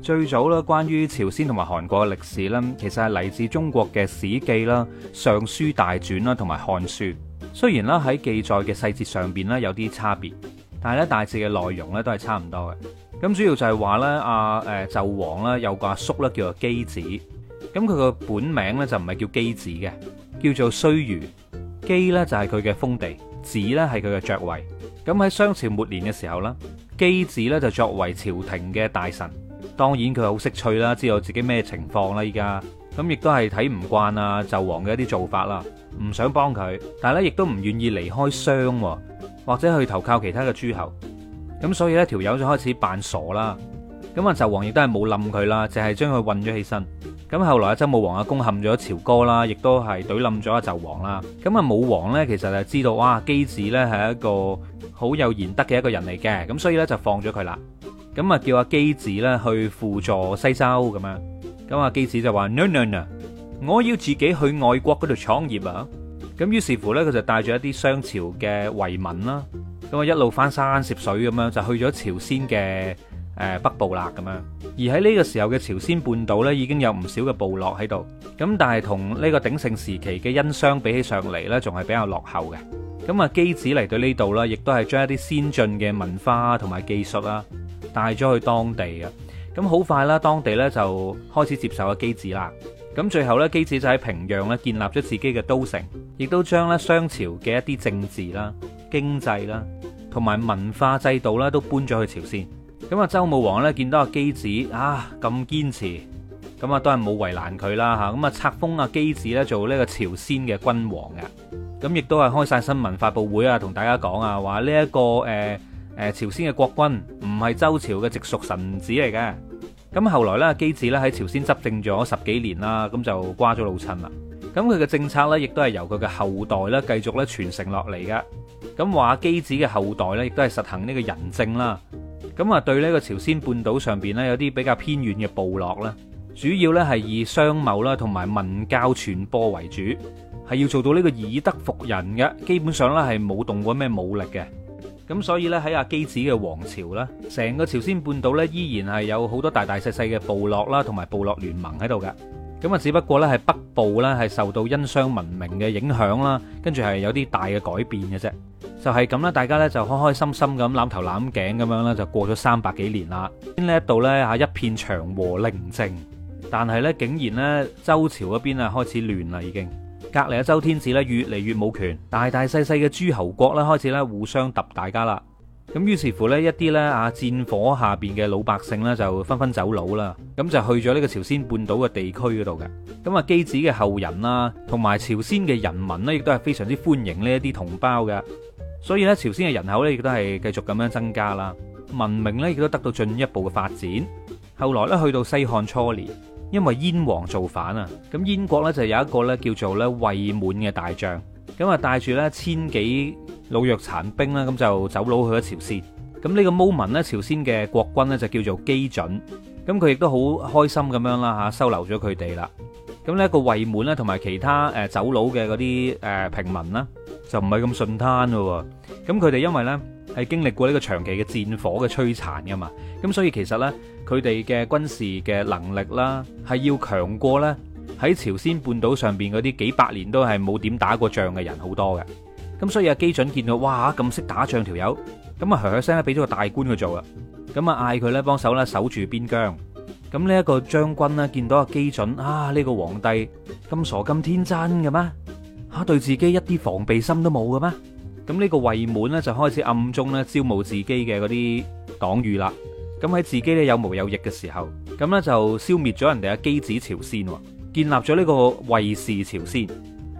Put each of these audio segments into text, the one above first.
最早咧，關於朝鮮同埋韓國嘅歷史咧，其實係嚟自中國嘅《史記》啦，《尚書大傳》啦，同埋《漢書》。雖然咧喺記載嘅細節上邊咧有啲差別，但係咧大致嘅內容咧都係差唔多嘅。咁主要就係話呢，阿誒紂王咧有個阿叔咧叫做箕子，咁佢個本名咧就唔係叫箕子嘅，叫做胥餘，箕呢就係佢嘅封地，子呢係佢嘅爵位。咁喺商朝末年嘅時候呢，箕子呢就作為朝廷嘅大臣。當然佢好識趣啦，知道自己咩情況啦，依家咁亦都係睇唔慣啊，紂王嘅一啲做法啦，唔想幫佢，但係咧亦都唔願意離開商，或者去投靠其他嘅諸侯。咁所以呢條友就開始扮傻啦。咁啊，紂王亦都係冇冧佢啦，淨係將佢困咗起身。咁後來啊，周武王啊攻陷咗朝歌啦，亦都係懟冧咗阿紂王啦。咁啊，武王呢，其實就知道哇、啊，箕子呢係一個好有賢德嘅一個人嚟嘅，咁所以呢，就放咗佢啦。咁啊，叫阿箕子啦去輔助西周咁樣。咁阿箕子就話，no no no，我要自己去外國嗰度創業啊。咁於是乎咧，佢就帶住一啲商朝嘅遺民啦，咁啊一路翻山涉水咁樣就去咗朝鮮嘅誒北部啦。咁樣而喺呢個時候嘅朝鮮半島咧，已經有唔少嘅部落喺度。咁但係同呢個鼎盛時期嘅殷相比起上嚟咧，仲係比較落後嘅。咁啊，箕子嚟到呢度啦，亦都係將一啲先進嘅文化同埋技術啦。帶咗去當地啊，咁好快啦，當地咧就開始接受阿箕子啦。咁最後咧，箕子就喺平壤咧建立咗自己嘅都城，亦都將咧商朝嘅一啲政治啦、經濟啦，同埋文化制度啦，都搬咗去朝鮮。咁啊，周武王咧見到阿箕子啊咁堅持，咁啊都係冇為難佢啦吓。咁啊冊封阿箕子咧做呢個朝鮮嘅君王嘅。咁亦都係開晒新聞發布會啊，同大家講啊，話呢一個誒。呃誒，朝鮮嘅國君唔係周朝嘅直屬臣子嚟嘅，咁後來呢箕子咧喺朝鮮執政咗十幾年啦，咁就瓜咗老襯啦。咁佢嘅政策呢，亦都係由佢嘅後代呢繼續咧傳承落嚟噶。咁話箕子嘅後代呢，亦都係實行呢個仁政啦。咁啊，對呢個朝鮮半島上邊呢，有啲比較偏遠嘅部落啦，主要呢係以商貿啦同埋文教傳播為主，係要做到呢個以德服人嘅，基本上呢，係冇動過咩武力嘅。咁所以咧喺阿箕子嘅王朝咧，成個朝鮮半島咧依然係有好多大大細細嘅部落啦，同埋部落聯盟喺度噶。咁啊，只不過咧係北部咧係受到殷商文明嘅影響啦，跟住係有啲大嘅改變嘅啫。就係咁啦，大家咧就開開心心咁攬頭攬頸咁樣啦就過咗三百幾年啦。呢一度咧嚇一片祥和寧靜，但係咧竟然咧周朝嗰邊啊開始亂啦已經。隔籬嘅周天子咧越嚟越冇權，大大細細嘅諸侯國咧開始咧互相揼大家啦。咁於是乎咧一啲咧啊戰火下邊嘅老百姓咧就紛紛走佬啦。咁就去咗呢個朝鮮半島嘅地區嗰度嘅。咁啊箕子嘅後人啦，同埋朝鮮嘅人民呢，亦都係非常之歡迎呢一啲同胞嘅。所以呢，朝鮮嘅人口呢，亦都係繼續咁樣增加啦，文明呢，亦都得到進一步嘅發展。後來呢，去到西漢初年。因為燕王造反啊，咁燕國咧就有一個咧叫做咧衛滿嘅大將，咁啊帶住咧千幾老弱殘兵啦，咁就走佬去咗朝鮮。咁、這、呢個毛民咧，朝鮮嘅國君咧就叫做箕準，咁佢亦都好開心咁樣啦吓，收留咗佢哋啦。咁呢個衛滿咧，同埋其他誒走佬嘅嗰啲誒平民啦，就唔係咁順攤咯。咁佢哋因為咧。係經歷過呢個長期嘅戰火嘅摧殘噶嘛，咁所以其實呢，佢哋嘅軍事嘅能力啦，係要強過呢喺朝鮮半島上邊嗰啲幾百年都係冇點打過仗嘅人好多嘅。咁所以阿基準見到，哇，咁識打仗條友，咁啊，響響聲咧，俾咗個大官去做啦，咁啊，嗌佢呢幫手咧守住邊疆。咁呢一個將軍咧見到阿基準啊，呢個皇帝咁傻咁天真嘅咩？吓，啊，對自己一啲防備心都冇嘅咩？咁呢個衛滿呢，就開始暗中咧招募自己嘅嗰啲黨羽啦。咁喺自己咧有毛有翼嘅時候，咁咧就消滅咗人哋嘅箕子朝鮮，建立咗呢個衛氏朝鮮。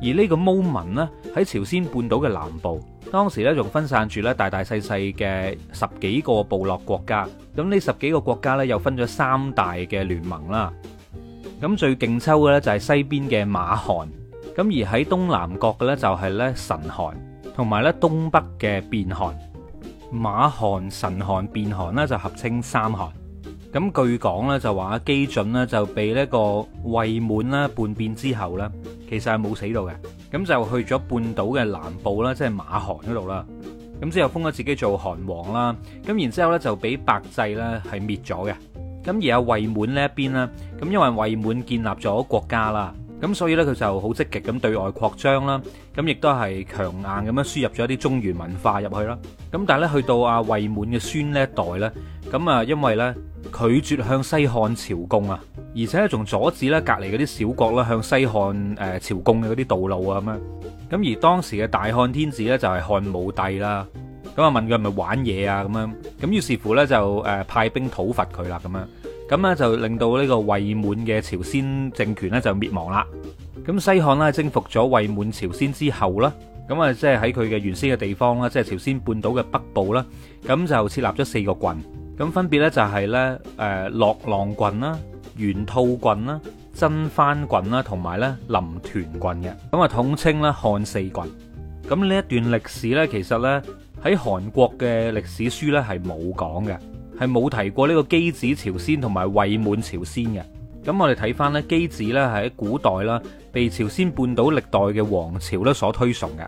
而呢個毛民呢，喺朝鮮半島嘅南部，當時咧仲分散住咧大大細細嘅十幾個部落國家。咁呢十幾個國家咧又分咗三大嘅聯盟啦。咁最勁抽嘅咧就係西邊嘅馬韓，咁而喺東南角嘅咧就係咧辰韓。同埋咧，東北嘅弁韓、馬韓、辰韓、弁韓咧就合稱三韓。咁據講咧就話箕準就被呢個衛滿叛變之後咧，其實係冇死到嘅。咁就去咗半島嘅南部啦，即係馬韓嗰度啦。咁之後封咗自己做韓王啦。咁然之後咧就俾百濟咧係滅咗嘅。咁而阿衛滿呢一邊啦。咁因為衛滿建立咗國家啦。咁所以呢，佢就好積極咁對外擴張啦，咁亦都係強硬咁樣輸入咗一啲中原文化入去啦。咁但係咧去到阿魏滿嘅孫呢一代呢，咁啊因為呢拒絕向西漢朝貢啊，而且仲阻止咧隔籬嗰啲小國啦向西漢誒朝貢嘅嗰啲道路啊咁樣，咁而當時嘅大漢天子呢，就係漢武帝啦，咁啊問佢係咪玩嘢啊咁樣，咁於是乎呢，就誒派兵討伐佢啦咁樣。咁就令到呢個衛滿嘅朝鮮政權呢就滅亡啦。咁西漢呢征服咗衛滿朝鮮之後啦，咁啊即係喺佢嘅原先嘅地方啦，即係朝鮮半島嘅北部啦，咁就設立咗四個郡，咁分別呢就係呢誒樂浪郡啦、玄菟郡啦、真番郡啦，同埋呢臨屯郡嘅。咁啊統稱呢漢四郡。咁呢一段歷史呢，其實呢喺韓國嘅歷史書呢係冇講嘅。係冇提過呢個箕子朝鮮同埋衛滿朝鮮嘅。咁我哋睇翻呢箕子呢係喺古代啦，被朝鮮半島歷代嘅王朝呢所推崇嘅。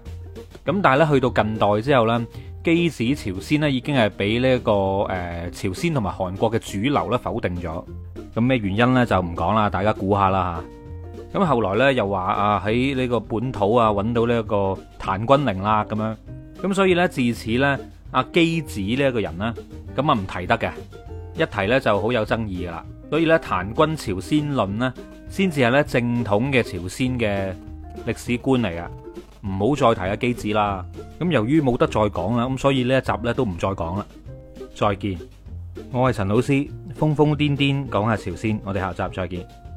咁但係呢，去到近代之後呢，箕子朝鮮呢已經係俾呢一個、呃、朝鮮同埋韓國嘅主流呢否定咗。咁咩原因呢？就唔講啦，大家估下啦吓，咁後來呢，又話啊喺呢個本土啊揾到呢一個檀君陵啦，咁樣咁所以呢，自此姬呢，阿箕子呢一個人呢。咁啊，唔提得嘅，一提呢就好有爭議噶啦。所以呢，檀君朝鮮論呢，先至係呢正統嘅朝鮮嘅歷史觀嚟㗎。唔好再提下箕子啦。咁由於冇得再講啦，咁所以呢一集呢都唔再講啦。再見，我係陳老師，瘋瘋癲癲講下朝鮮，我哋下集再見。